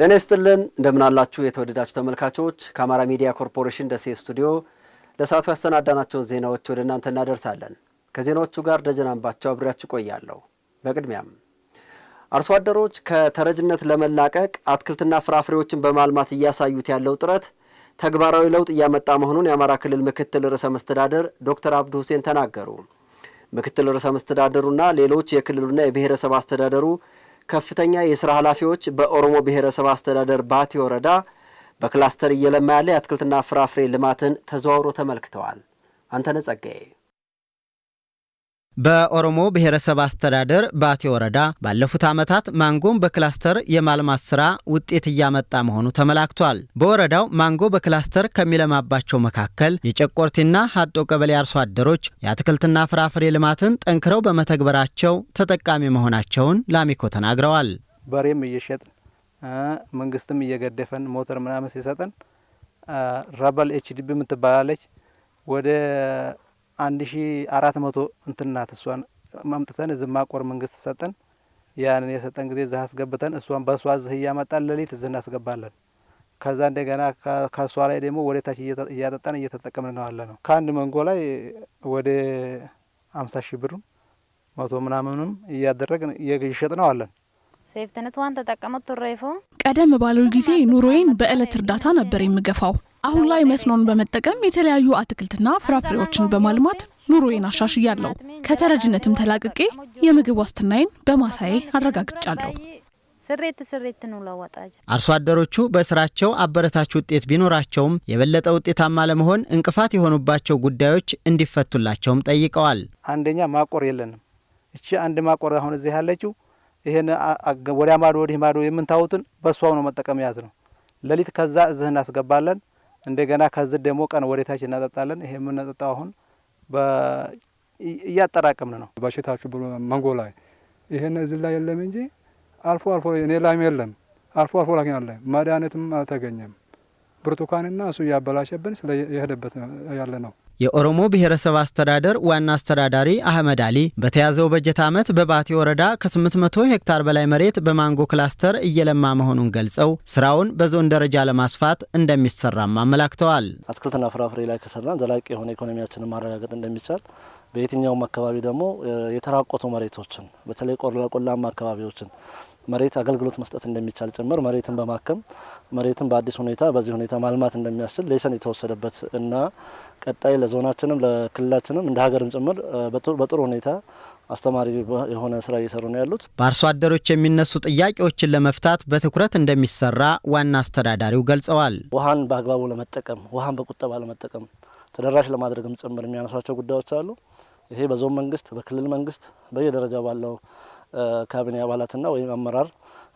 ጤና ይስጥልን እንደምናላችሁ የተወደዳችሁ ተመልካቾች፣ ከአማራ ሚዲያ ኮርፖሬሽን ደሴ ስቱዲዮ ለሰዓቱ ያሰናዳናቸውን ዜናዎች ወደ እናንተ እናደርሳለን። ከዜናዎቹ ጋር ደጀናንባቸው አብሬያችሁ ቆያለሁ። በቅድሚያም አርሶ አደሮች ከተረጅነት ለመላቀቅ አትክልትና ፍራፍሬዎችን በማልማት እያሳዩት ያለው ጥረት ተግባራዊ ለውጥ እያመጣ መሆኑን የአማራ ክልል ምክትል ርዕሰ መስተዳደር ዶክተር አብዱ ሁሴን ተናገሩ። ምክትል ርዕሰ መስተዳደሩና ሌሎች የክልሉና የብሔረሰብ አስተዳደሩ ከፍተኛ የስራ ኃላፊዎች በኦሮሞ ብሔረሰብ አስተዳደር ባቲ ወረዳ በክላስተር እየለማ ያለ የአትክልትና ፍራፍሬ ልማትን ተዘዋውሮ ተመልክተዋል። አንተነህ ጸጋዬ በኦሮሞ ብሔረሰብ አስተዳደር ባቴ ወረዳ ባለፉት ዓመታት ማንጎን በክላስተር የማልማት ስራ ውጤት እያመጣ መሆኑ ተመላክቷል። በወረዳው ማንጎ በክላስተር ከሚለማባቸው መካከል የጨቆርቲና ሀጦ ቀበሌ አርሶ አደሮች የአትክልትና ፍራፍሬ ልማትን ጠንክረው በመተግበራቸው ተጠቃሚ መሆናቸውን ላሚኮ ተናግረዋል። በሬም እየሸጥን መንግስትም እየገደፈን ሞተር ምናምን ሲሰጠን ረበል ኤችዲቢ የምትባላለች ወደ አንድ ሺ አራት መቶ እንትናት እሷን መምጥተን እዚ ማቆር መንግስት ሰጠን። ያንን የሰጠን ጊዜ እዚህ አስገብተን እሷን በእሷ ዝህ እያመጣን ሌሊት እዚህ እናስገባለን። ከዛ እንደገና ከእሷ ላይ ደግሞ ወደ ታች እያጠጣን እየተጠቀምን ነው ያለ ነው። ከአንድ መንጎ ላይ ወደ አምሳ ሺህ ብርም መቶ ምናምኑም እያደረግን እየሸጥ ነው አለን። ቀደም ባለው ጊዜ ኑሮዬን በእለት እርዳታ ነበር የምገፋው። አሁን ላይ መስኖን በመጠቀም የተለያዩ አትክልትና ፍራፍሬዎችን በማልማት ኑሮዬን አሻሽያለሁ። ከተረጅነትም ተላቅቄ የምግብ ዋስትናዬን በማሳዬ አረጋግጫለሁ። ስሬት ስሬት ነው አርሶ አደሮቹ በስራቸው አበረታች ውጤት ቢኖራቸውም የበለጠ ውጤታማ ለመሆን እንቅፋት የሆኑባቸው ጉዳዮች እንዲፈቱላቸውም ጠይቀዋል። አንደኛ ማቆር የለንም። እቺ አንድ ማቆር አሁን እዚህ ያለችው ይህን ወዲያ ማዶ ወዲህ ማዶ የምንታወቱን በእሷው ነው መጠቀም ያዝ ነው። ሌሊት ከዛ እዚህ እናስገባለን። እንደገና ከዚህ ደግሞ ቀን ወደታች እናጠጣለን። ይሄ የምንጠጣው አሁን እያጠራቀምን ነው። በሽታችሁ ብሎ መንጎ ላይ ይሄን እዚህ ላይ የለም እንጂ አልፎ አልፎ እኔ ላይም የለም አልፎ አልፎ ላኪን አለ መድኃኒትም አልተገኘም። ብርቱካንና እሱ እያበላሸብን ስለ የሄደበት ያለ ነው። የኦሮሞ ብሔረሰብ አስተዳደር ዋና አስተዳዳሪ አህመድ አሊ በተያዘው በጀት ዓመት በባቴ ወረዳ ከ800 ሄክታር በላይ መሬት በማንጎ ክላስተር እየለማ መሆኑን ገልጸው ስራውን በዞን ደረጃ ለማስፋት እንደሚሰራም አመላክተዋል። አትክልትና ፍራፍሬ ላይ ከሰራን ዘላቂ የሆነ ኢኮኖሚያችንን ማረጋገጥ እንደሚቻል በየትኛውም አካባቢ ደግሞ የተራቆቱ መሬቶችን በተለይ ቆላማ አካባቢዎችን መሬት አገልግሎት መስጠት እንደሚቻል ጭምር መሬትን በማከም መሬትን በአዲስ ሁኔታ በዚህ ሁኔታ ማልማት እንደሚያስችል ሌሰን የተወሰደበት እና ቀጣይ ለዞናችንም ለክልላችንም እንደ ሀገርም ጭምር በጥሩ ሁኔታ አስተማሪ የሆነ ስራ እየሰሩ ነው ያሉት። በአርሶ አደሮች የሚነሱ ጥያቄዎችን ለመፍታት በትኩረት እንደሚሰራ ዋና አስተዳዳሪው ገልጸዋል። ውሃን በአግባቡ ለመጠቀም ውሃን በቁጠባ ለመጠቀም ተደራሽ ለማድረግም ጭምር የሚያነሷቸው ጉዳዮች አሉ። ይሄ በዞን መንግስት፣ በክልል መንግስት በየደረጃ ባለው ካቢኔ አባላትና ወይም አመራር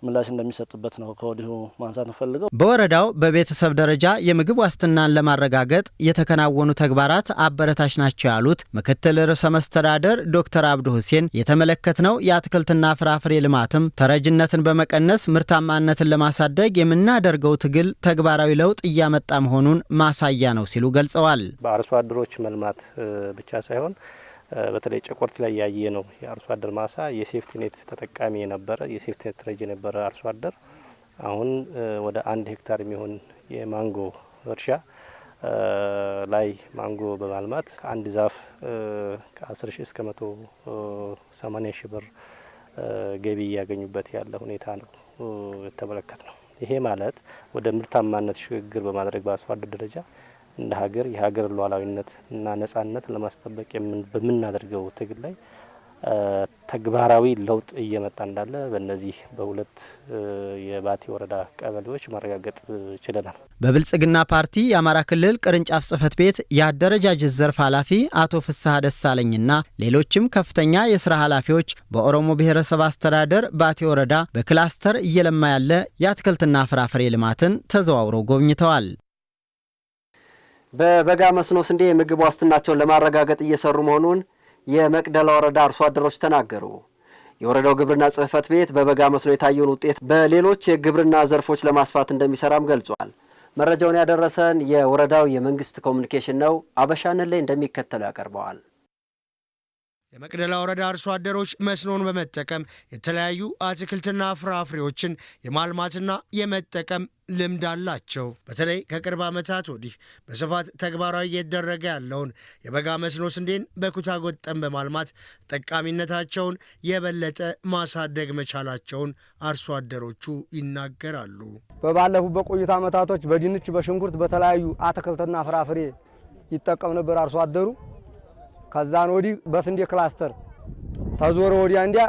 ምላሽ እንደሚሰጥበት ነው ከወዲሁ ማንሳት ንፈልገው። በወረዳው በቤተሰብ ደረጃ የምግብ ዋስትናን ለማረጋገጥ የተከናወኑ ተግባራት አበረታች ናቸው ያሉት ምክትል ርዕሰ መስተዳደር ዶክተር አብዱ ሁሴን የተመለከትነው የአትክልትና ፍራፍሬ ልማትም ተረጅነትን በመቀነስ ምርታማነትን ለማሳደግ የምናደርገው ትግል ተግባራዊ ለውጥ እያመጣ መሆኑን ማሳያ ነው ሲሉ ገልጸዋል። በአርሶ አደሮች መልማት ብቻ ሳይሆን በተለይ ጨቆርት ላይ ያየ ነው የአርሶ አደር ማሳ የሴፍቲ ኔት ተጠቃሚ የነበረ የሴፍቲ ኔት ረጅ የነበረ አርሶ አደር አሁን ወደ አንድ ሄክታር የሚሆን የማንጎ እርሻ ላይ ማንጎ በማልማት አንድ ዛፍ ከ ሺ እስከ መቶ 180 ሺ ብር ገቢ እያገኙበት ያለ ሁኔታ ነው የተመለከት ነው። ይሄ ማለት ወደ ምርታማነት ሽግግር በማድረግ በአርሶ አደር ደረጃ እንደ ሀገር የሀገር ሉዓላዊነት እና ነጻነት ለማስጠበቅ በምናደርገው ትግል ላይ ተግባራዊ ለውጥ እየመጣ እንዳለ በእነዚህ በሁለት የባቲ ወረዳ ቀበሌዎች ማረጋገጥ ችለናል። በብልጽግና ፓርቲ የአማራ ክልል ቅርንጫፍ ጽህፈት ቤት የአደረጃጀት ዘርፍ ኃላፊ አቶ ፍስሐ ደሳለኝና ሌሎችም ከፍተኛ የስራ ኃላፊዎች በኦሮሞ ብሔረሰብ አስተዳደር ባቲ ወረዳ በክላስተር እየለማ ያለ የአትክልትና ፍራፍሬ ልማትን ተዘዋውረው ጎብኝተዋል። በበጋ መስኖ ስንዴ የምግብ ዋስትናቸውን ለማረጋገጥ እየሰሩ መሆኑን የመቅደላ ወረዳ አርሶ አደሮች ተናገሩ። የወረዳው ግብርና ጽሕፈት ቤት በበጋ መስኖ የታየውን ውጤት በሌሎች የግብርና ዘርፎች ለማስፋት እንደሚሰራም ገልጿል። መረጃውን ያደረሰን የወረዳው የመንግስት ኮሚኒኬሽን ነው። አበሻንን ላይ እንደሚከተለው ያቀርበዋል። የመቅደላ ወረዳ አርሶ አደሮች መስኖን በመጠቀም የተለያዩ አትክልትና ፍራፍሬዎችን የማልማትና የመጠቀም ልምድ አላቸው። በተለይ ከቅርብ ዓመታት ወዲህ በስፋት ተግባራዊ እየተደረገ ያለውን የበጋ መስኖ ስንዴን በኩታ ጎጠን በማልማት ጠቃሚነታቸውን የበለጠ ማሳደግ መቻላቸውን አርሶ አደሮቹ ይናገራሉ። በባለፉት በቆዩት ዓመታቶች በድንች፣ በሽንኩርት፣ በተለያዩ አትክልትና ፍራፍሬ ይጠቀም ነበር አርሶ አደሩ ከዛን ወዲህ በስንዴ ክላስተር ተዞረ ወዲያ እንዲያ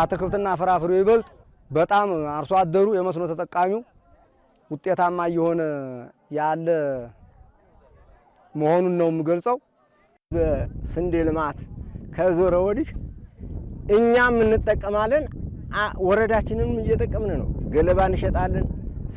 አትክልትና ፍራፍሬው ይበልጥ በጣም አርሶ አደሩ የመስኖ ተጠቃሚው ውጤታማ እየሆነ ያለ መሆኑን ነው የምገልጸው። በስንዴ ልማት ከዞረ ወዲህ እኛም እንጠቀማለን፣ ወረዳችንም እየጠቀምን ነው። ገለባ እንሸጣለን።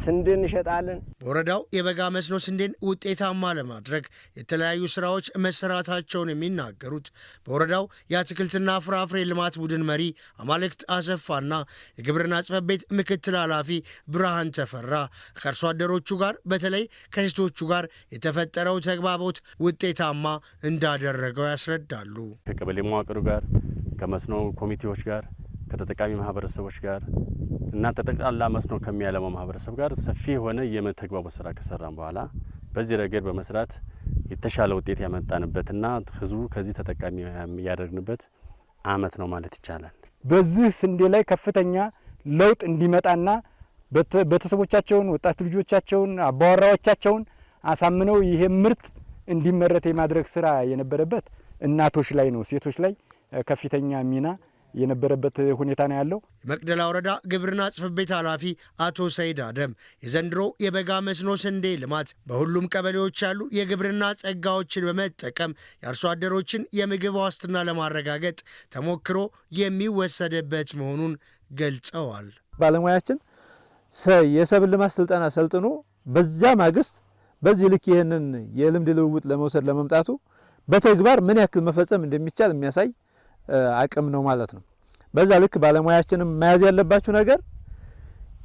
ስንዴ እንሸጣለን። በወረዳው የበጋ መስኖ ስንዴን ውጤታማ ለማድረግ የተለያዩ ስራዎች መሰራታቸውን የሚናገሩት በወረዳው የአትክልትና ፍራፍሬ ልማት ቡድን መሪ አማልክት አሰፋና የግብርና ጽሕፈት ቤት ምክትል ኃላፊ ብርሃን ተፈራ ከአርሶ አደሮቹ ጋር በተለይ ከሴቶቹ ጋር የተፈጠረው ተግባቦት ውጤታማ እንዳደረገው ያስረዳሉ። ከቀበሌ መዋቅሩ ጋር ከመስኖ ኮሚቴዎች ጋር ከተጠቃሚ ማህበረሰቦች ጋር እናንተ ጠቅላላ መስኖ ከሚያለማው ማህበረሰብ ጋር ሰፊ የሆነ የመተግባቦት ስራ ከሰራን በኋላ በዚህ ረገድ በመስራት የተሻለ ውጤት ያመጣንበትና ህዝቡ ከዚህ ተጠቃሚ ያደርግንበት አመት ነው ማለት ይቻላል። በዚህ ስንዴ ላይ ከፍተኛ ለውጥ እንዲመጣና ቤተሰቦቻቸውን፣ ወጣት ልጆቻቸውን፣ አባወራዎቻቸውን አሳምነው ይሄ ምርት እንዲመረት የማድረግ ስራ የነበረበት እናቶች ላይ ነው ሴቶች ላይ ከፍተኛ ሚና የነበረበት ሁኔታ ነው ያለው። የመቅደላ ወረዳ ግብርና ጽሕፈት ቤት ኃላፊ አቶ ሰይድ አደም የዘንድሮ የበጋ መስኖ ስንዴ ልማት በሁሉም ቀበሌዎች ያሉ የግብርና ጸጋዎችን በመጠቀም የአርሶ አደሮችን የምግብ ዋስትና ለማረጋገጥ ተሞክሮ የሚወሰድበት መሆኑን ገልጸዋል። ባለሙያችን የሰብል ልማት ስልጠና ሰልጥኖ በዛ ማግስት በዚህ ልክ ይህንን የልምድ ልውውጥ ለመውሰድ ለመምጣቱ በተግባር ምን ያክል መፈጸም እንደሚቻል የሚያሳይ አቅም ነው ማለት ነው። በዛ ልክ ባለሙያችንም መያዝ ያለባችሁ ነገር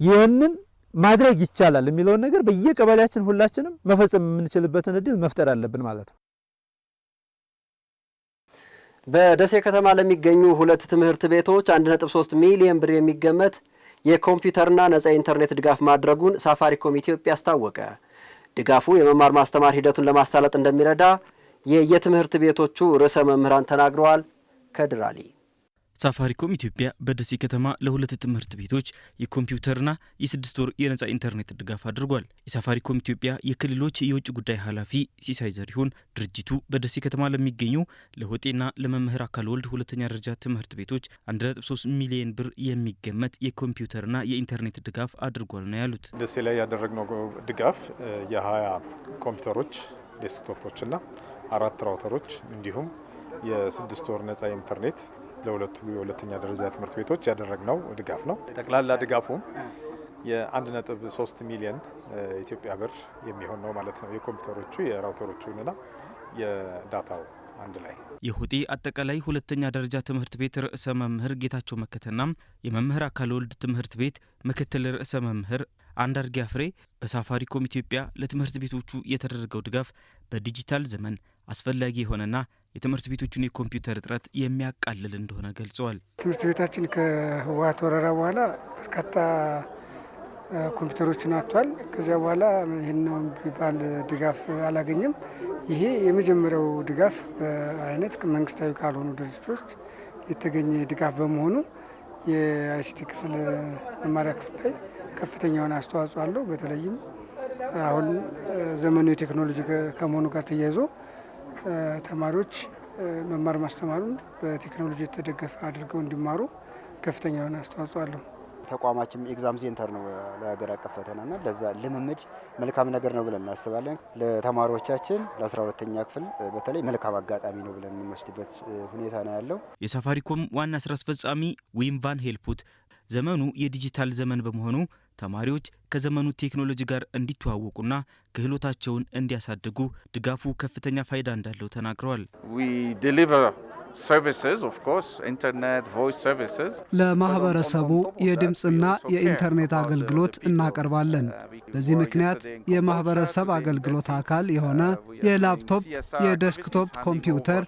ይህንን ማድረግ ይቻላል የሚለውን ነገር በየቀበሌያችን ሁላችንም መፈጸም የምንችልበትን እድል መፍጠር አለብን ማለት ነው። በደሴ ከተማ ለሚገኙ ሁለት ትምህርት ቤቶች 1.3 ሚሊዮን ብር የሚገመት የኮምፒውተርና ነጻ የኢንተርኔት ድጋፍ ማድረጉን ሳፋሪኮም ኢትዮጵያ አስታወቀ። ድጋፉ የመማር ማስተማር ሂደቱን ለማሳለጥ እንደሚረዳ የየትምህርት ቤቶቹ ርዕሰ መምህራን ተናግረዋል። ከድራሌ ሳፋሪኮም ኢትዮጵያ በደሴ ከተማ ለሁለት ትምህርት ቤቶች የኮምፒውተርና የስድስት ወር የነጻ ኢንተርኔት ድጋፍ አድርጓል። የሳፋሪኮም ኢትዮጵያ የክልሎች የውጭ ጉዳይ ኃላፊ ሲሳይ ዘሪሁን ድርጅቱ በደሴ ከተማ ለሚገኙ ለሆጤና ለመምህር አካል ወልድ ሁለተኛ ደረጃ ትምህርት ቤቶች 1.3 ሚሊዮን ብር የሚገመት የኮምፒውተርና የኢንተርኔት ድጋፍ አድርጓል ነው ያሉት። ደሴ ላይ ያደረግነው ድጋፍ የ20 ኮምፒውተሮች ዴስክቶፖችና አራት ራውተሮች እንዲሁም የስድስት ወር ነጻ ኢንተርኔት ለሁለቱ የሁለተኛ ደረጃ ትምህርት ቤቶች ያደረግነው ድጋፍ ነው። ጠቅላላ ድጋፉም የአንድ ነጥብ ሶስት ሚሊየን ኢትዮጵያ ብር የሚሆን ነው ማለት ነው። የኮምፒውተሮቹ የራውተሮቹንና የዳታው አንድ ላይ የሁጢ አጠቃላይ ሁለተኛ ደረጃ ትምህርት ቤት ርዕሰ መምህር ጌታቸው መከተና የመምህር አካል ወልድ ትምህርት ቤት ምክትል ርዕሰ መምህር አንዳርጌ አፍሬ በሳፋሪኮም ኢትዮጵያ ለትምህርት ቤቶቹ የተደረገው ድጋፍ በዲጂታል ዘመን አስፈላጊ የሆነና የትምህርት ቤቶቹን የኮምፒውተር እጥረት የሚያቃልል እንደሆነ ገልጸዋል። ትምህርት ቤታችን ከህወሀት ወረራ በኋላ በርካታ ኮምፒውተሮችን አጥቷል። ከዚያ በኋላ ይህን ነው የሚባል ድጋፍ አላገኘም። ይሄ የመጀመሪያው ድጋፍ በአይነት መንግስታዊ ካልሆኑ ድርጅቶች የተገኘ ድጋፍ በመሆኑ የአይሲቲ ክፍል መማሪያ ክፍል ላይ ከፍተኛ የሆነ አስተዋጽኦ አለው። በተለይም አሁን ዘመኑ የቴክኖሎጂ ከመሆኑ ጋር ተያይዞ ተማሪዎች መማር ማስተማሩን በቴክኖሎጂ የተደገፈ አድርገው እንዲማሩ ከፍተኛ የሆነ አስተዋጽኦ አለው። ተቋማችን ኤግዛም ሴንተር ነው ለሀገር አቀፍ ፈተናና ለዛ ልምምድ መልካም ነገር ነው ብለን እናስባለን። ለተማሪዎቻችን ለ12ተኛ ክፍል በተለይ መልካም አጋጣሚ ነው ብለን የምንወስድበት ሁኔታ ነው ያለው። የሳፋሪኮም ዋና ስራ አስፈጻሚ ዊም ቫን ሄልፑት ዘመኑ የዲጂታል ዘመን በመሆኑ ተማሪዎች ከዘመኑ ቴክኖሎጂ ጋር እንዲተዋወቁና ክህሎታቸውን እንዲያሳድጉ ድጋፉ ከፍተኛ ፋይዳ እንዳለው ተናግረዋል። ለማህበረሰቡ የድምፅና የኢንተርኔት አገልግሎት እናቀርባለን። በዚህ ምክንያት የማህበረሰብ አገልግሎት አካል የሆነ የላፕቶፕ የዴስክቶፕ ኮምፒውተር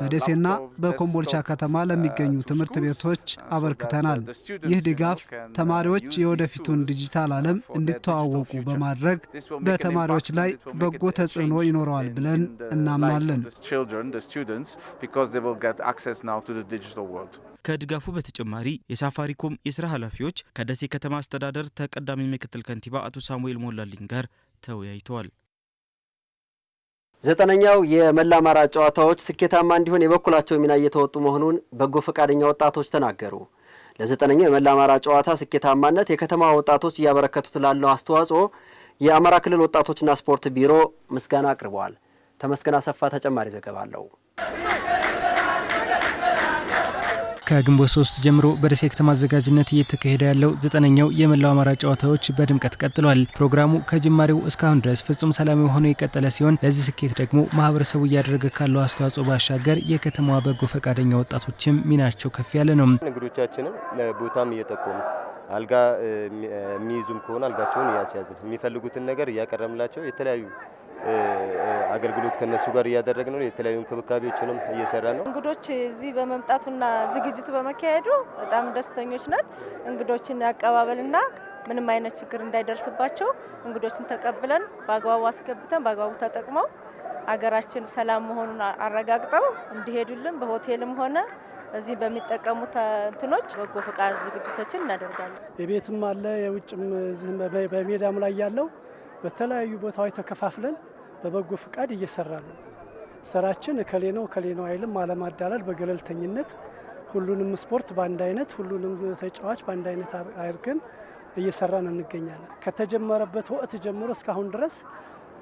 በደሴና በኮምቦልቻ ከተማ ለሚገኙ ትምህርት ቤቶች አበርክተናል። ይህ ድጋፍ ተማሪዎች የወደፊቱን ዲጂታል ዓለም እንዲተዋወቁ በማድረግ በተማሪዎች ላይ በጎ ተጽዕኖ ይኖረዋል ብለን እናምናለን። ከድጋፉ በተጨማሪ የሳፋሪኮም የስራ ኃላፊዎች ከደሴ ከተማ አስተዳደር ተቀዳሚ ምክትል ከንቲባ አቶ ሳሙኤል ሞላልኝ ጋር ተወያይተዋል። ዘጠነኛው የመላ አማራ ጨዋታዎች ስኬታማ እንዲሆን የበኩላቸው ሚና እየተወጡ መሆኑን በጎ ፈቃደኛ ወጣቶች ተናገሩ። ለዘጠነኛው የመላ አማራ ጨዋታ ስኬታማነት የከተማ ወጣቶች እያበረከቱት ላለው አስተዋጽኦ የአማራ ክልል ወጣቶችና ስፖርት ቢሮ ምስጋና አቅርበዋል። ተመስገን አሰፋ ተጨማሪ ዘገባ አለው። ከግንቦት ሶስት ጀምሮ በደሴ ከተማ አዘጋጅነት እየተካሄደ ያለው ዘጠነኛው የመላው አማራ ጨዋታዎች በድምቀት ቀጥሏል። ፕሮግራሙ ከጅማሬው እስካሁን ድረስ ፍጹም ሰላም የሆነው የቀጠለ ሲሆን ለዚህ ስኬት ደግሞ ማህበረሰቡ እያደረገ ካለው አስተዋጽኦ ባሻገር የከተማዋ በጎ ፈቃደኛ ወጣቶችም ሚናቸው ከፍ ያለ ነው። እንግዶቻችንም ቦታም እየጠቆሙ አልጋ የሚይዙም ከሆነ አልጋቸውን እያስያዝን የሚፈልጉትን ነገር እያቀረምላቸው የተለያዩ አገልግሎት ከነሱ ጋር እያደረግን ነው። የተለያዩ እንክብካቤዎችንም እየሰራ ነው። እንግዶች እዚህ በመምጣቱና ዝግጅቱ በመካሄዱ በጣም ደስተኞች ነን። እንግዶችን አቀባበልና ምንም አይነት ችግር እንዳይደርስባቸው እንግዶችን ተቀብለን በአግባቡ አስገብተን በአግባቡ ተጠቅመው አገራችን ሰላም መሆኑን አረጋግጠው እንዲሄዱልን በሆቴልም ሆነ እዚህ በሚጠቀሙት እንትኖች በጎ ፈቃድ ዝግጅቶችን እናደርጋለን። የቤትም አለ የውጭም በሜዳም ላይ ያለው በተለያዩ ቦታዎች ተከፋፍለን በበጎ ፍቃድ እየሰራ ነው። ስራችን እከሌ ነው እከሌ ነው አይልም አለማዳላል፣ በገለልተኝነት ሁሉንም ስፖርት በአንድ አይነት ሁሉንም ተጫዋች በአንድ አይነት አድርገን እየሰራን እንገኛለን። ከተጀመረበት ወቅት ጀምሮ እስካሁን ድረስ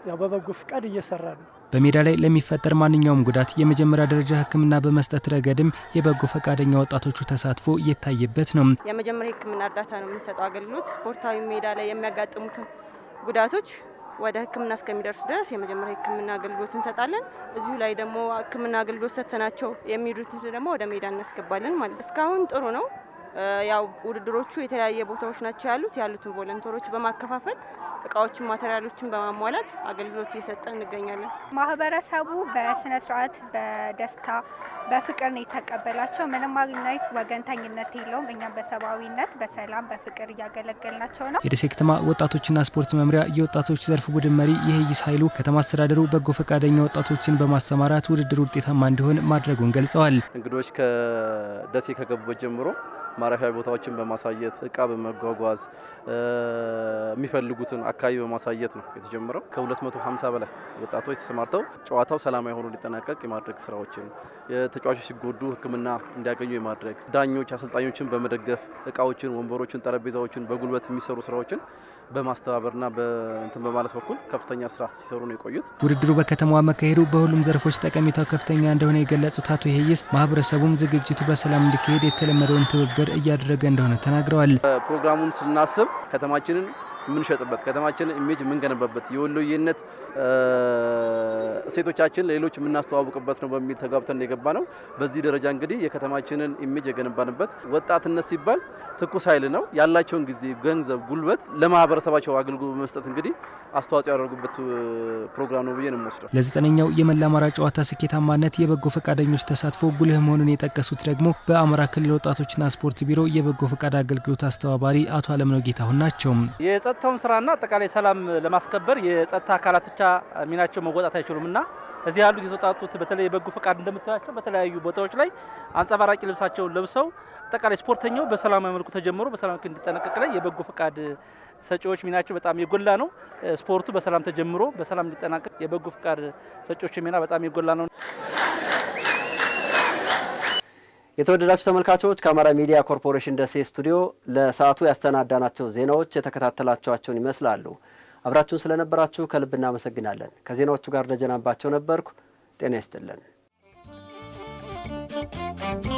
ያው በበጎ ፍቃድ እየሰራ ነው። በሜዳ ላይ ለሚፈጠር ማንኛውም ጉዳት የመጀመሪያ ደረጃ ሕክምና በመስጠት ረገድም የበጎ ፈቃደኛ ወጣቶቹ ተሳትፎ እየታየበት ነው። የመጀመሪያ ሕክምና እርዳታ ነው የምንሰጠው አገልግሎት ስፖርታዊ ሜዳ ላይ የሚያጋጥሙትን ጉዳቶች ወደ ሕክምና እስከሚደርሱ ድረስ የመጀመሪያ ሕክምና አገልግሎት እንሰጣለን። እዚሁ ላይ ደግሞ ሕክምና አገልግሎት ሰጥተናቸው የሚሄዱት ደግሞ ወደ ሜዳ እናስገባለን ማለት ነው። እስካሁን ጥሩ ነው። ያው ውድድሮቹ የተለያየ ቦታዎች ናቸው ያሉት። ያሉትን ቮለንተሮች በማከፋፈል እቃዎችን፣ ማቴሪያሎችን በማሟላት አገልግሎት እየሰጠን እንገኛለን። ማህበረሰቡ በስነ ስርዓት፣ በደስታ፣ በፍቅር ነው የተቀበላቸው። ምንም አይነት ወገንተኝነት የለውም። እኛም በሰብአዊነት፣ በሰላም፣ በፍቅር እያገለገልናቸው ነው። የደሴ ከተማ ወጣቶችና ስፖርት መምሪያ የወጣቶች ዘርፍ ቡድን መሪ ይህይስ ኃይሉ ከተማ አስተዳደሩ በጎ ፈቃደኛ ወጣቶችን በማሰማራት ውድድሩ ውጤታማ እንዲሆን ማድረጉን ገልጸዋል። እንግዶች ከደሴ ከገቡበት ጀምሮ ማረፊያ ቦታዎችን በማሳየት እቃ በመጓጓዝ የሚፈልጉትን አካባቢ በማሳየት ነው የተጀመረው። ከ250 በላይ ወጣቶች ተሰማርተው ጨዋታው ሰላማዊ ሆኖ እንዲጠናቀቅ የማድረግ ስራዎችን፣ ተጫዋቾች ሲጎዱ ሕክምና እንዲያገኙ የማድረግ ዳኞች፣ አሰልጣኞችን በመደገፍ እቃዎችን፣ ወንበሮችን፣ ጠረጴዛዎችን በጉልበት የሚሰሩ ስራዎችን በማስተባበርና በእንትን በማለት በኩል ከፍተኛ ስራ ሲሰሩ ነው የቆዩት። ውድድሩ በከተማዋ መካሄዱ በሁሉም ዘርፎች ጠቀሜታው ከፍተኛ እንደሆነ የገለጹት አቶ ይሄይስ ማህበረሰቡም ዝግጅቱ በሰላም እንዲካሄድ የተለመደውን ትብብር እያደረገ እንደሆነ ተናግረዋል። ፕሮግራሙን ስናስብ ከተማችንን የምንሸጥበት ከተማችን ኢሜጅ የምንገነባበት የወሎዬነት እሴቶቻችን ሌሎች የምናስተዋውቅበት ነው በሚል ተጋብተን የገባ ነው። በዚህ ደረጃ እንግዲህ የከተማችንን ኢሜጅ የገነባንበት ወጣትነት ሲባል ትኩስ ኃይል ነው። ያላቸውን ጊዜ፣ ገንዘብ፣ ጉልበት ለማህበረሰባቸው አገልግሎት በመስጠት እንግዲህ አስተዋጽኦ ያደርጉበት ፕሮግራም ነው ብዬ ነው የምወስደው። ለዘጠነኛው የመላ አማራ ጨዋታ ስኬታማነት የበጎ ፈቃደኞች ተሳትፎ ጉልህ መሆኑን የጠቀሱት ደግሞ በአማራ ክልል ወጣቶችና ስፖርት ቢሮ የበጎ ፈቃድ አገልግሎት አስተባባሪ አቶ አለምነው ጌታሁን ናቸው። የጸጥታውን ስራና አጠቃላይ ሰላም ለማስከበር የጸጥታ አካላት ብቻ ሚናቸው መወጣት አይችሉም እና እዚህ ያሉት የተወጣጡት በተለይ የበጎ ፈቃድ እንደምታያቸው በተለያዩ ቦታዎች ላይ አንጸባራቂ ልብሳቸውን ለብሰው አጠቃላይ ስፖርተኛው በሰላማዊ መልኩ ተጀምሮ በሰላም እንዲጠናቀቅ ላይ የበጎ ፈቃድ ሰጪዎች ሚናቸው በጣም የጎላ ነው። ስፖርቱ በሰላም ተጀምሮ በሰላም እንዲጠናቀቅ የበጎ ፈቃድ ሰጪዎች ሚና በጣም የጎላ ነው። የተወደዳችሁ ተመልካቾች ከአማራ ሚዲያ ኮርፖሬሽን ደሴ ስቱዲዮ ለሰዓቱ ያሰናዳናቸው ዜናዎች የተከታተላችኋቸውን ይመስላሉ። አብራችሁን ስለነበራችሁ ከልብ እናመሰግናለን። ከዜናዎቹ ጋር ደጀናባቸው ነበርኩ። ጤና ይስጥልን።